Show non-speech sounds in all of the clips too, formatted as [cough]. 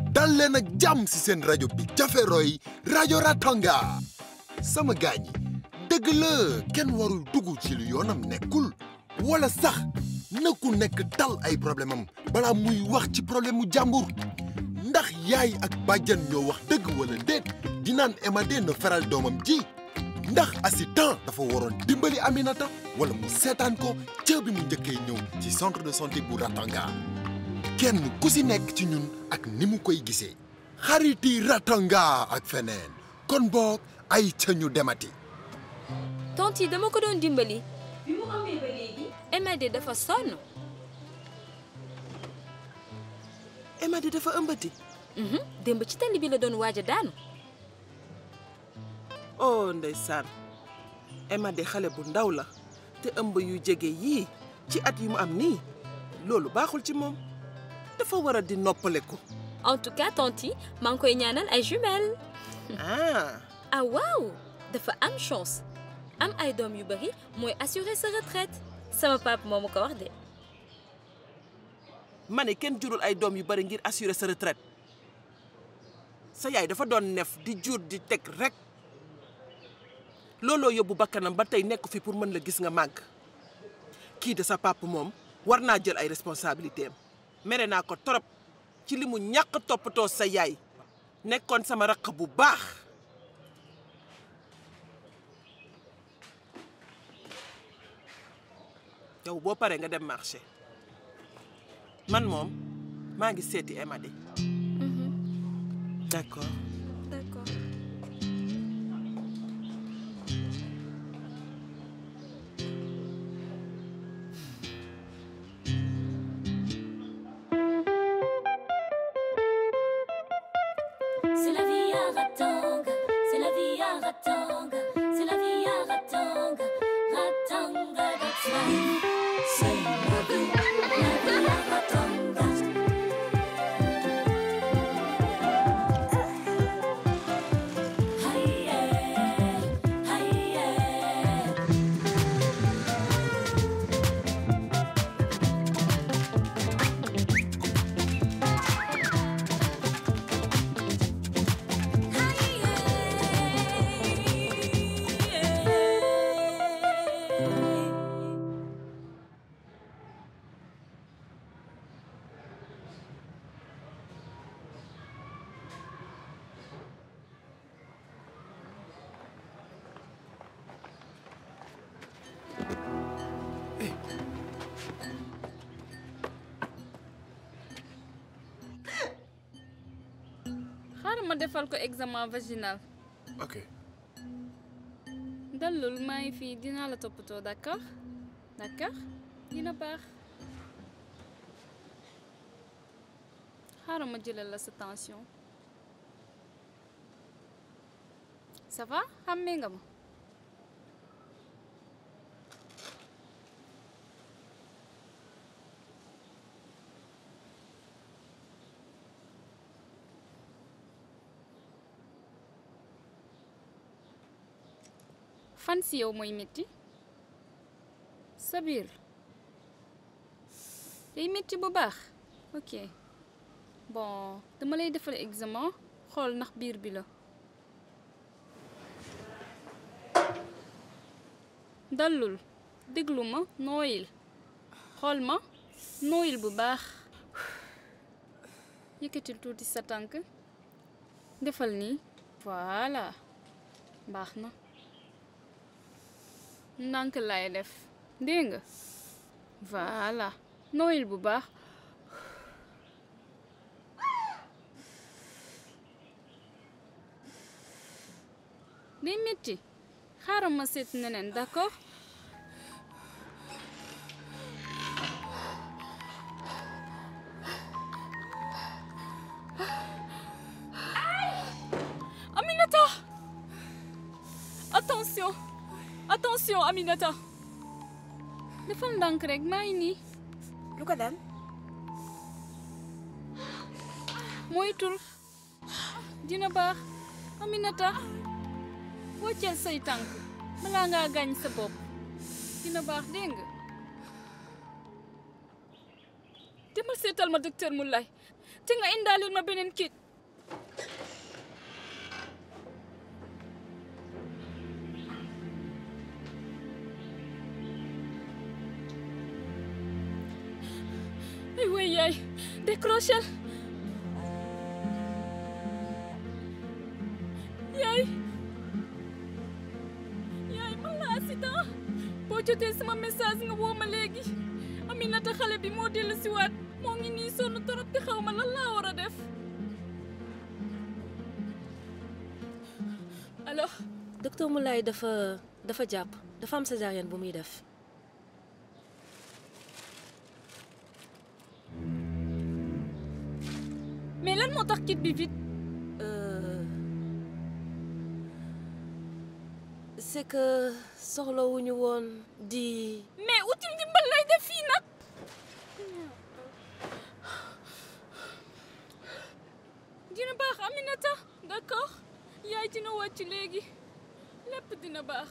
dal leen ak jàmm si seen rajo bi jafe roy rajo Ratanga sama gaañ yi dëgg la kenn warul dugg ci lu yoonam nekkul wala sax na ku nekk tal ay problème am balaa muy wax ci problème mu jàmbur ndax yaay ak bàjjan ñoo wax dëgg wala déet di naan Emadé na feral doomam ji ndax assistant dafa waroon dimbali Aminata wala mu seetaan ko ca bi mu njëkkee ñëw ci centre de santé bu Ratanga. kenn ku si nekk ci ñun ak ni mu koy gisee xariti ratanga ak feneen kon boog ay ca ñu demati tonti dama ko doon dimbali bi mu amee ba léegi Emade dafa sonn Emade dafa ëmbati mhm. démb ci tali bi la doon waaj a daanu oh ndeysaan Emade xale bu ndaw la te ëmb yu jege yii ci at yi mu am nii loolu baaxul ci moom dafa war a di noppaleku. en tout cas tanti maa ngi koy ñaanal ay jumelles. ah. ah waaw dafa am chance am ay doom yu bari mooy assurer sa retraite sama papa moo ma ko wax de. ma ne kenn jurul ay doom yu bari ngir assurer sa retraite sa yaay dafa doon nef di jur di teg rek looloo yóbbu bakkanam ba tey nekk fi pour mën la gis nga màgg kii de sa papa moom war naa jël ay responsabilités mere naa ko torop ci li mu ñàkk toppatoo sa yaay nekkoon sama raq bu baax yow boo paree nga dem marché man moom maa ngi seeti Emadi mm-hmm. d'accord defal ko examen vaginal. ok. maa ngi fii dinaa la toppatoo dakka d'accord dina baax. xaaral ma jëlal la sa tension. ça xàmmee nga ma. si yow mooy métti sa biir day métti bu baax ok bon dama lay defal examen xool ndax biir bi la dallul déglu ma nooyil xool ma nooyil bu baax yëkkatil tuuti sa tànk defal nii voilà baax na ndànk laay def dégg nga voilà nooyil bu baax day métti xaaral ma seet neneen d'accord Aminata defal ndànk rek maa ngi nii. lu ko dal. moytul dina baax Aminata wàcceel say tànk balaa ngaa gaañ sa dina baax dégg nga demal seetal ma docteur Moulay te nga indaaleel ma beneen kit Rochelle yaay yaay man la accident boo jotee sama message nga woo ma léegi Aminata xale bi moo dellu siwaat moo ngi nii sonn torop te xaw ma lan war a def alors docteur Moulay dafa dafa jàpp dafa am césarienne bu muy def lan soxlawuñu woon di. mais uti ndimbal lay def dina baax Aminata d'accord yaay dina wàcc léegi lépp dina baax.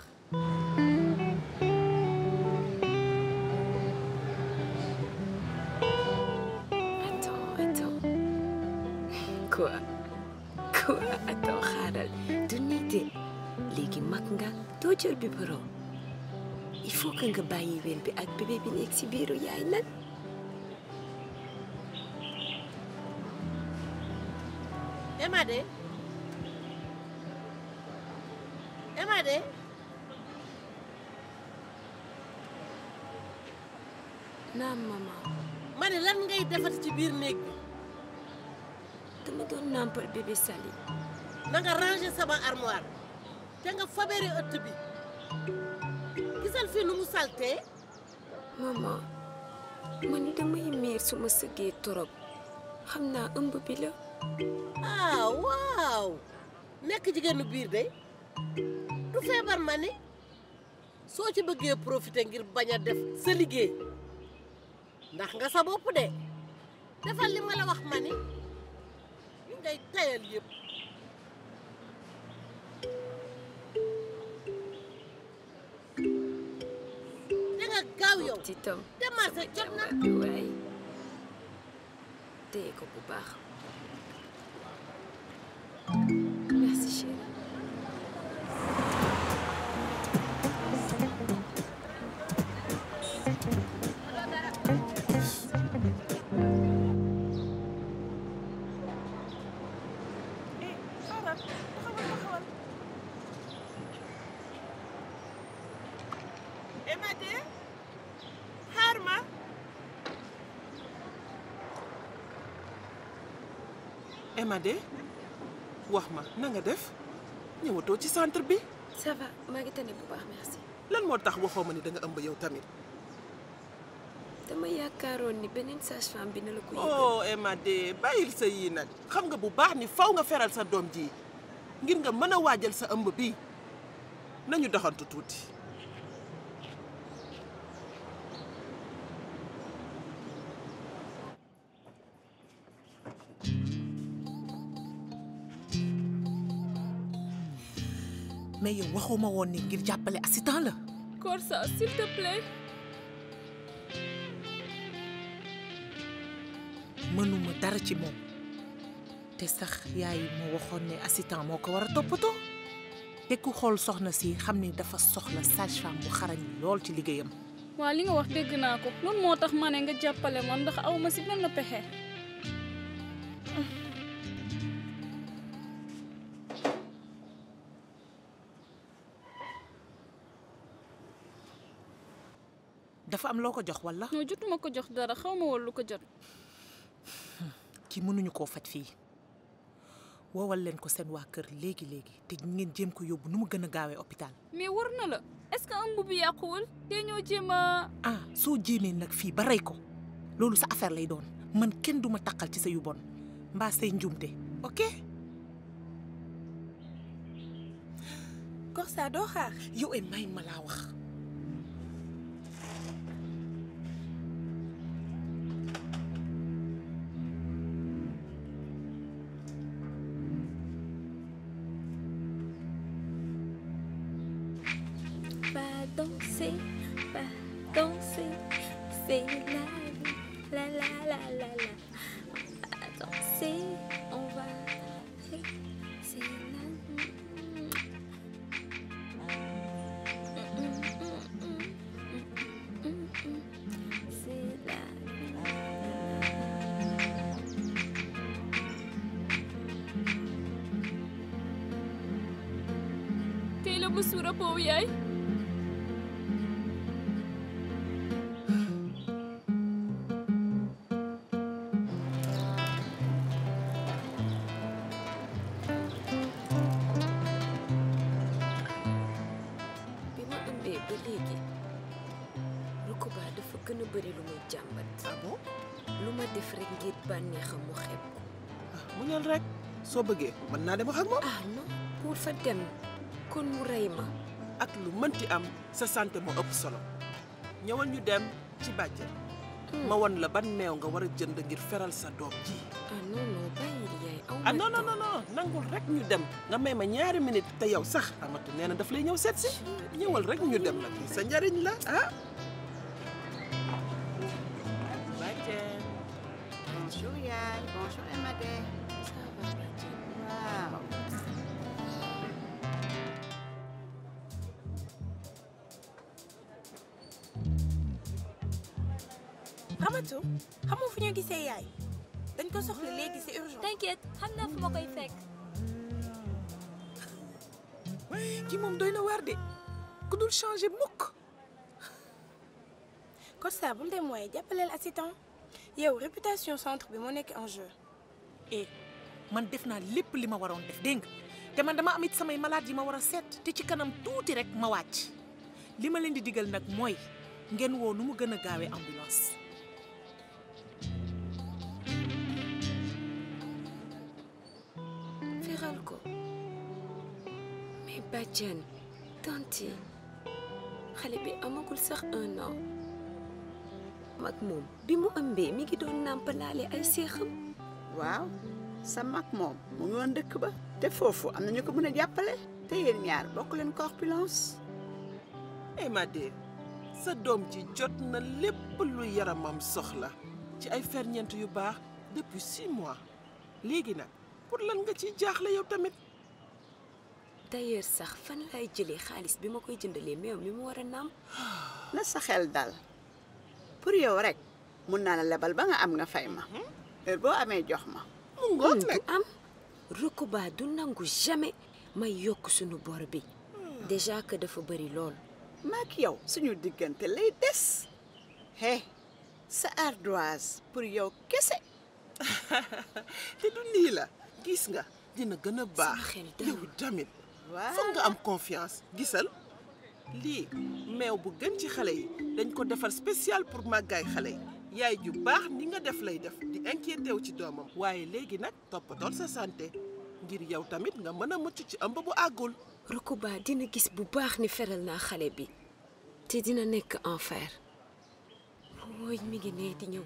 cër bi borom il faut que nga bàyyi ween bi ak bébé bi nekk ci biiru yaay nag Emade Emade naam maman ma ne lan ngay defati ci biir néeg bi dama doon nàmpal bébé Sali na nga ranger sama te nga fabere ëtt bi gisal fii nu mu saltee maman man damay miir su ma sëggee torop xam naa ëmb bi la ah waaw nekk jigéenu biir day du feebar ma ne soo ci bëggee profité ngir bañ a def sa liggéey ndax nga sa bopp de defal li ma la wax ma ne li ngay tayal yëpp nga gaaw yow demal sa jot na waay téye ko bu baax Emadé wax ma na nga def ñëwatoo ci centre bi. ça va lan moo tax waxoo ma ni da nga ëmb yow tamit. dama yaakaaroon ni beneen sage bi na la ko yëg. oh Emadé bàyyil sa yii nag xam nga bu baax ni faw nga feral sa doom ji ngir nga mën a waajal sa ëmb bi nañu doxantu tuuti. mais waxuma woon ngir jàppale assistant la. Corsa s'il te mënuma dara ci moom te sax yaay ma waxoon ne assistant moo ko war a toppatoo te ku xool soxna si xam ne dafa soxla sage-femme bu xarañ lool ci liggéeyam. waaw li nga wax dégg naa ko loolu moo tax ma ne nga jàppale ma ndax aw ma si benn pexe. dafa am loo ko jox walla. non jotuma ko jox dara xaw ma woon lu ko jot. kii mënuñu koo faj fii woowal leen ko seen waa kër léegi léegi te ngeen jéem ko yóbbu nu mu gën a gaawee hôpital. mais war na la est que ëmb bi yàquwul. te ñoo jéem ah soo jéemee nag fii ba rey ko loolu sa affaire lay doon man kenn duma taqal ci sa yu bon mbaa say njuumte ok. Corsa doo xaar. yow ay may ma laa wax. danser, va danser, c'est la vie, la la la la la. On va danser, on va c'est la vie. Tey la bu suura poow yaay ah bon lu ma def rek ngir bànneexam mu xeeb ko. Ah, mu ñal rek soo bëggee mën naa dem ak moom. ah non fa dem kon mu rey ma. ak lu mënti am sa santé moo ëpp solo ñëwal ñu dem ci bàjjen. Hmm. ma won la ban meew nga war a jënd ngir feral sa doom ji. ah non non bàyyi yaay aw ah non nangul rek ñu dem nga may ma ñaari minute te yow sax amatu nee na daf lay ñëw seet ñëwal rek ñu dem la sa njariñ la ah. should end my day. Wow. Amatou xamoo fu ñu gisee yaay dañ ko soxla léegi urgent. T'inquiète doy na waar ku dul changé mukk Kosta bul dem waaye jàppaleel assistant yow réputation centre bi moo nekk en jeu. et eh, man def naa lépp li ma waroon def dégg te man dama am samay malade yi ma war a seet te ci kanam tuuti rek ma wàcc li ma leen di digal nag mooy ngeen woo nu mu gën a gaawee ambulance. feral ko mais bàjjen tanti xale bi amagul sax un an. mag moom bi mu ëmbee mi ngi doon nàmpalaale ay seexam. waaw sa mag moom mu ngi dëkk ba te foofu am na ñu ko mën a jàppale te yéen ñaar bokk leen corpulence eh ma sa doom ji jot na lépp lu yaramam soxla ci ay ferñent yu baax depuis six mois léegi nag pour lan nga ciy jaaxle yow tamit d'ailleurs sax fan laay jëlee xaalis bi ma koy jëndalee meew mi mu war a naam na sa xel dal pour yow rek mun naa la lebal ba nga am nga fay ma mhm. heure boo amee jox ma mu ngoog nag am Rukuba du nangu jamais may yokk suñu bor bi hmm. déjà que dafa bari lool maak yow suñu diggante lay des he sa ardoise pour yow kese [laughs] te du lii la gis nga dina gën a baax yow tamit foog nga am confiance gisal lii meew bu gën ci xale yi dañ ko defar spécial pour màggaay xale yi yaay ju baax ni nga def lay def di inquiété wu ci doomam waaye léegi nag toppatool sa santé ngir yow tamit nga mën a mucc ci ëmb bu àggul Rokoba dina gis bu baax ni feral naa xale bi te dina nekk enfer wooy mi ngi nee di ñëw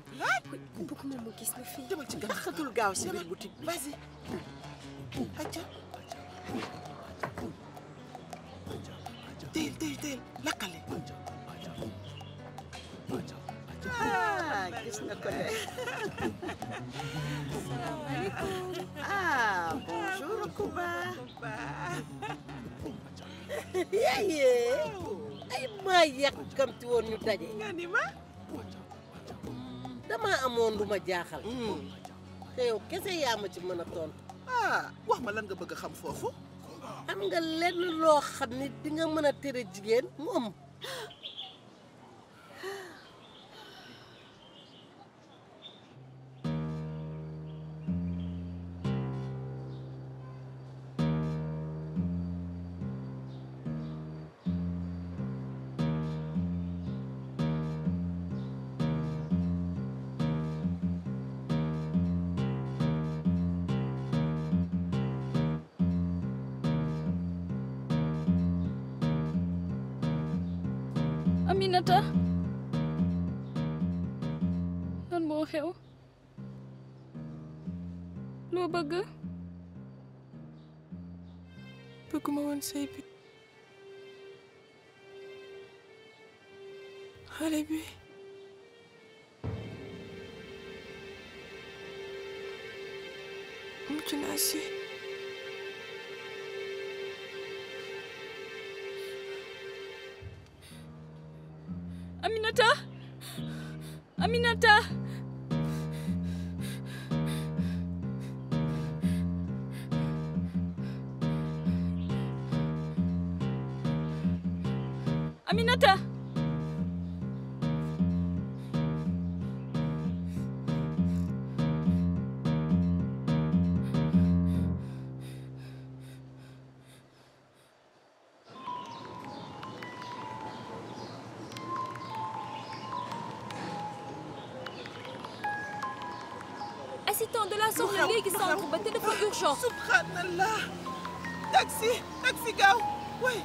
bëgg ma mu gis na fii demal ci gën gaaw si biir boutique bi vas-y acca teel teel lakkale ah gis nga ko de. salaamaaleykum. ah bonjour Kuba. yaaye ay maa yàkkamti woon ñu daje. damaa amoon duma jaaxal. Hmm. te yow kese yaa ma ci mën a tontu. Ah, wax ma lan nga bëgg xam foofu. am nga lenn loo xam ni di mën a tere jigéen mu ëmb. Ah, pa gumawa ng saving. Halibi. Mutunasi. Aminata! Aminata! assistant de la soxla léegi centre ba téléphone urgent subhanallah taxi taxi gaaw waay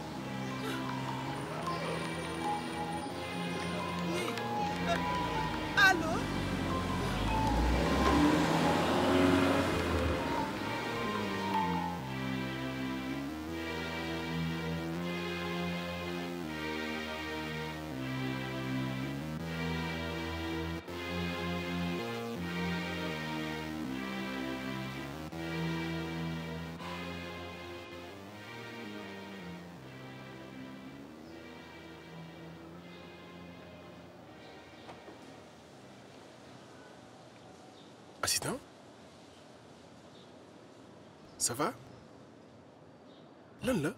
accident Ça va lan la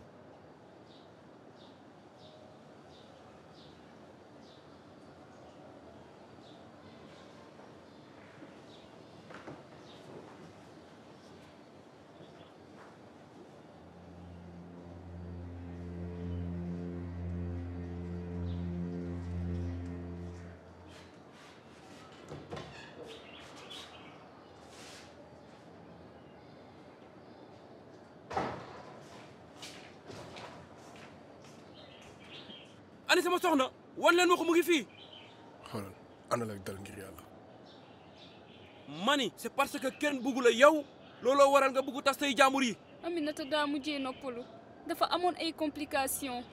sama soxna wan leen ma ko mu ngi fii. xoolal ana la dal ngir yàlla. mani c'est parce que kenn bugg la yow looloo waral nga bugg tas say jaamur yi. Aminata daa mujjee noppalu dafa amoon ay complications.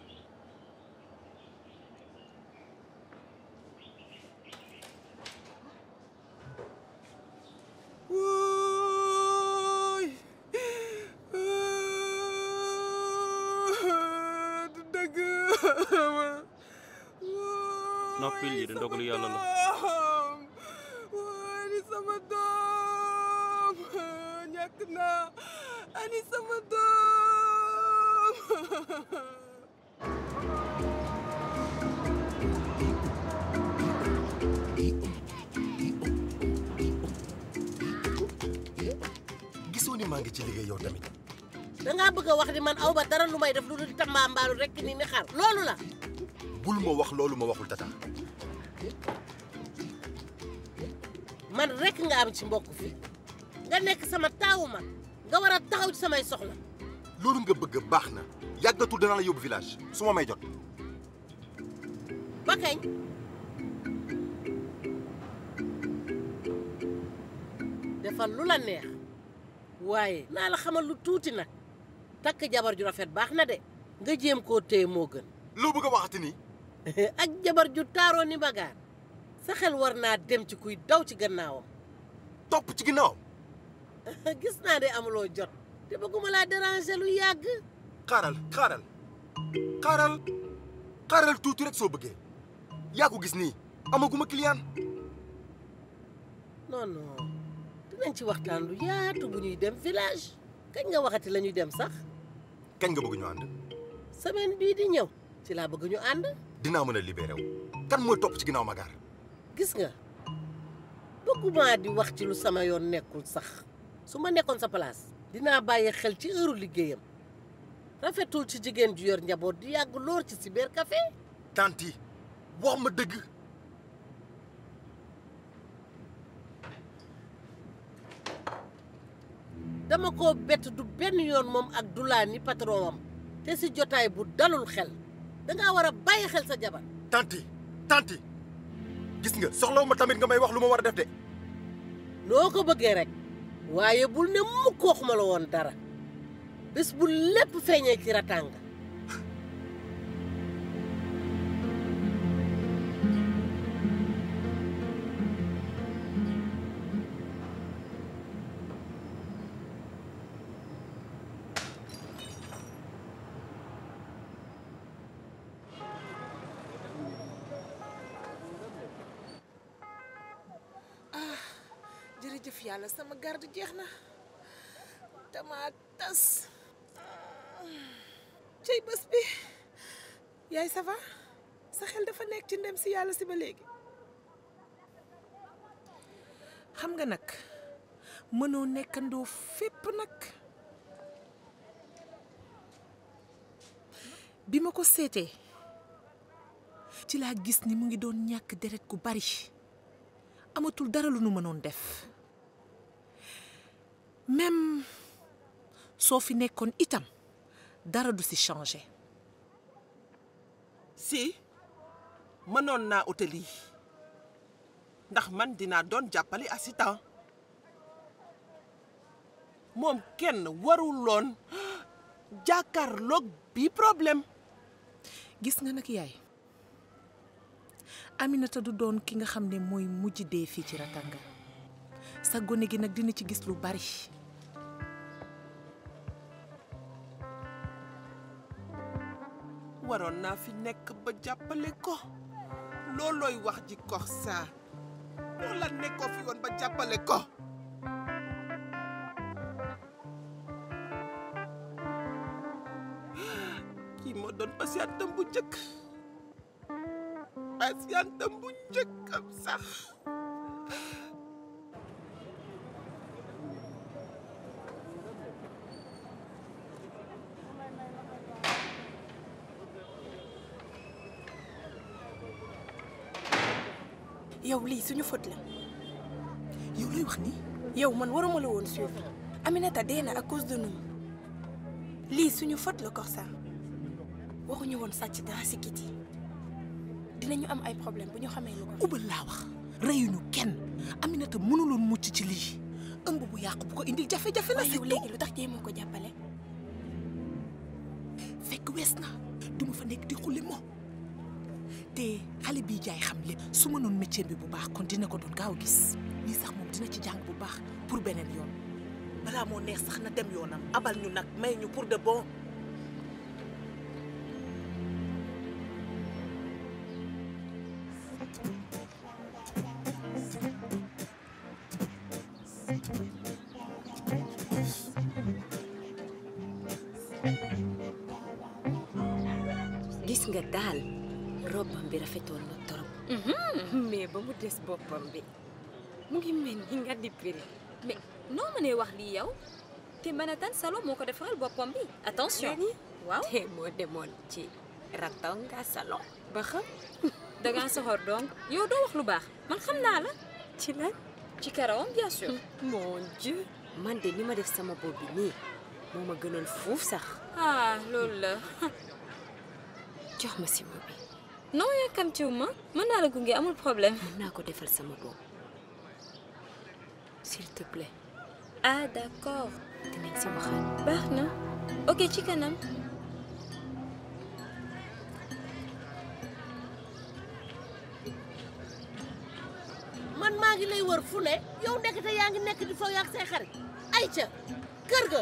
appel yi ndogalu yàlla sama doom gisoo ni maa ngi ci liggéey yow tamit. da ngaa wax ni man aw dara lu may def lu dul tambaambaalu rek ni ni xar loolu la. bul ma wax loolu ma waxul tata. man rekk nga am ci mbokk fi nga nekk sama taawu ma nga war a taxaw samay soxla. loolu nga bëgg baax na yàggatul danaa la yóbbu village su may jot. ba kañ. lu la neex waaye naa la xamal lu tuuti nag takk jabar ju rafet baax na de nga jéem koo téye moo gën. loo bëgg a waxati nii. [laughs] ak jabar ju taaroo ni bagaar sa xel war naa dem ci kuy daw ci gannaawam topp ci gannaawam [laughs] gis naa de amuloo jot te bëgguma laa déranger lu yàgg xaaral xaaral xaaral xaaral tuuti rek soo bëggee yaa ko gis nii amaguma client non non dinañ ci waxtaan lu yaatu bu ñuy dem village kañ nga waxati lañuy dem sax kañ nga bëgg ñu ànd semaine bii di ñëw ci laa bëgg ñu ànd dinaa mën a libéré wu kan mooy topp ci ginnaaw Magar. gis nga bëgguma di wax ci lu sama yoon nekkul sax su ma nekkoon sa place dinaa bàyyi xel ci heure liggéeyam rafetul ci jigéen ju yor njaboot di yàgg lool ci cyber café. tanti wax ma dëgg. dama ko bett du benn yoon moom ak dulaa ni patron te si jotaay bu dalul xel. dangaa war a bàyyi xel sa jabar tanti tanti gis nga soxlawu ma tamit nga may wax lu ma war a def de noo ko bëggee rek waaye bul ne mukk waxuma la woon dara bés bu lépp feeñee ci ratanga sama garde jeex na dama tas cey bés bi yaay ça sa xel dafa nekk ci ndem si yàlla si ba léegi xam nga nag mënoo nekkandoo fépp nag bi ma ko seetee ci laa gis ni mu ngi doon ñàkk deret ku bari amatul dara lu nu mënoon def même soo fi nekkoon itam dara du si changé. si mënoon naa hôtel yi ndax man dinaa doon jàppale assistant moom kenn warul loon jàkkaarloog bi problème. gis nga nag yaay Aminata du doon ki nga xam ne mooy mujj dee fii ci Ratanga sa gone gi nag dina ci gis lu bari. waroon naa fi nekk ba jàppale ko loolooy wax ji kox saa la nekkoo fi woon ba jàppale ko [gasps] kii moo doon patientam bu njëkk patientam bu njëkkam sax yow lii suñu faute la yow looy wax nii. yow man waruma la woon suivre Aminata dee na à cause de nous lii suñu faute la Corsa waxuñu woon sàcc dara si kit yi dinañu am ay problème bu ñu xamee lu ko. ubal laa wax reyuñu kenn Aminata mënuloon mucc ci lii ëmb bu yàqu bu ko indil jafe-jafe la. yow léegi lu tax jéemoo ko jàppale. fekk wees na duma fa nekk di xulli moo te xale bii jaay xam lépp su ma mënoon métier bi bu baax kon dina ko doon gaaw gis lii sax moom dina ci jàng bu baax pour beneen yoon balaa moo neex sax na dem yoonam abal ñu nag may ñu pour de boo rafetoon na torop mhm. mais ba mu des boppam bi mu ngi mel ni nga di piri mais noo mënee wax lii yow te Manhattan Salo moo ko defaral boppam bi attention te moo demoon ci Ratanga Salo ba xam dangaa soxor donc yow doo wax lu baax man xam naa la ci lan ci karawam bien sûr hmm. mon dieu man de ni ma def sama bopp bi nii moo ma gënal fuuf sax ah loolu la jox ma sima bi non yàkkamtiwuma mën naa la gunge amul problème. mën naa ko defal sama bopp s'il te plaît. ah d'accord. dinañ si waxaat. baax na ok ci kanam. man maa ngi lay wër fu ne yow ndekete yaa ngi nekk di foofu ak say xarit ay ca kër ga.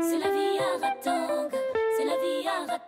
C'est la vie à Ratang, c'est la vie à Ratang.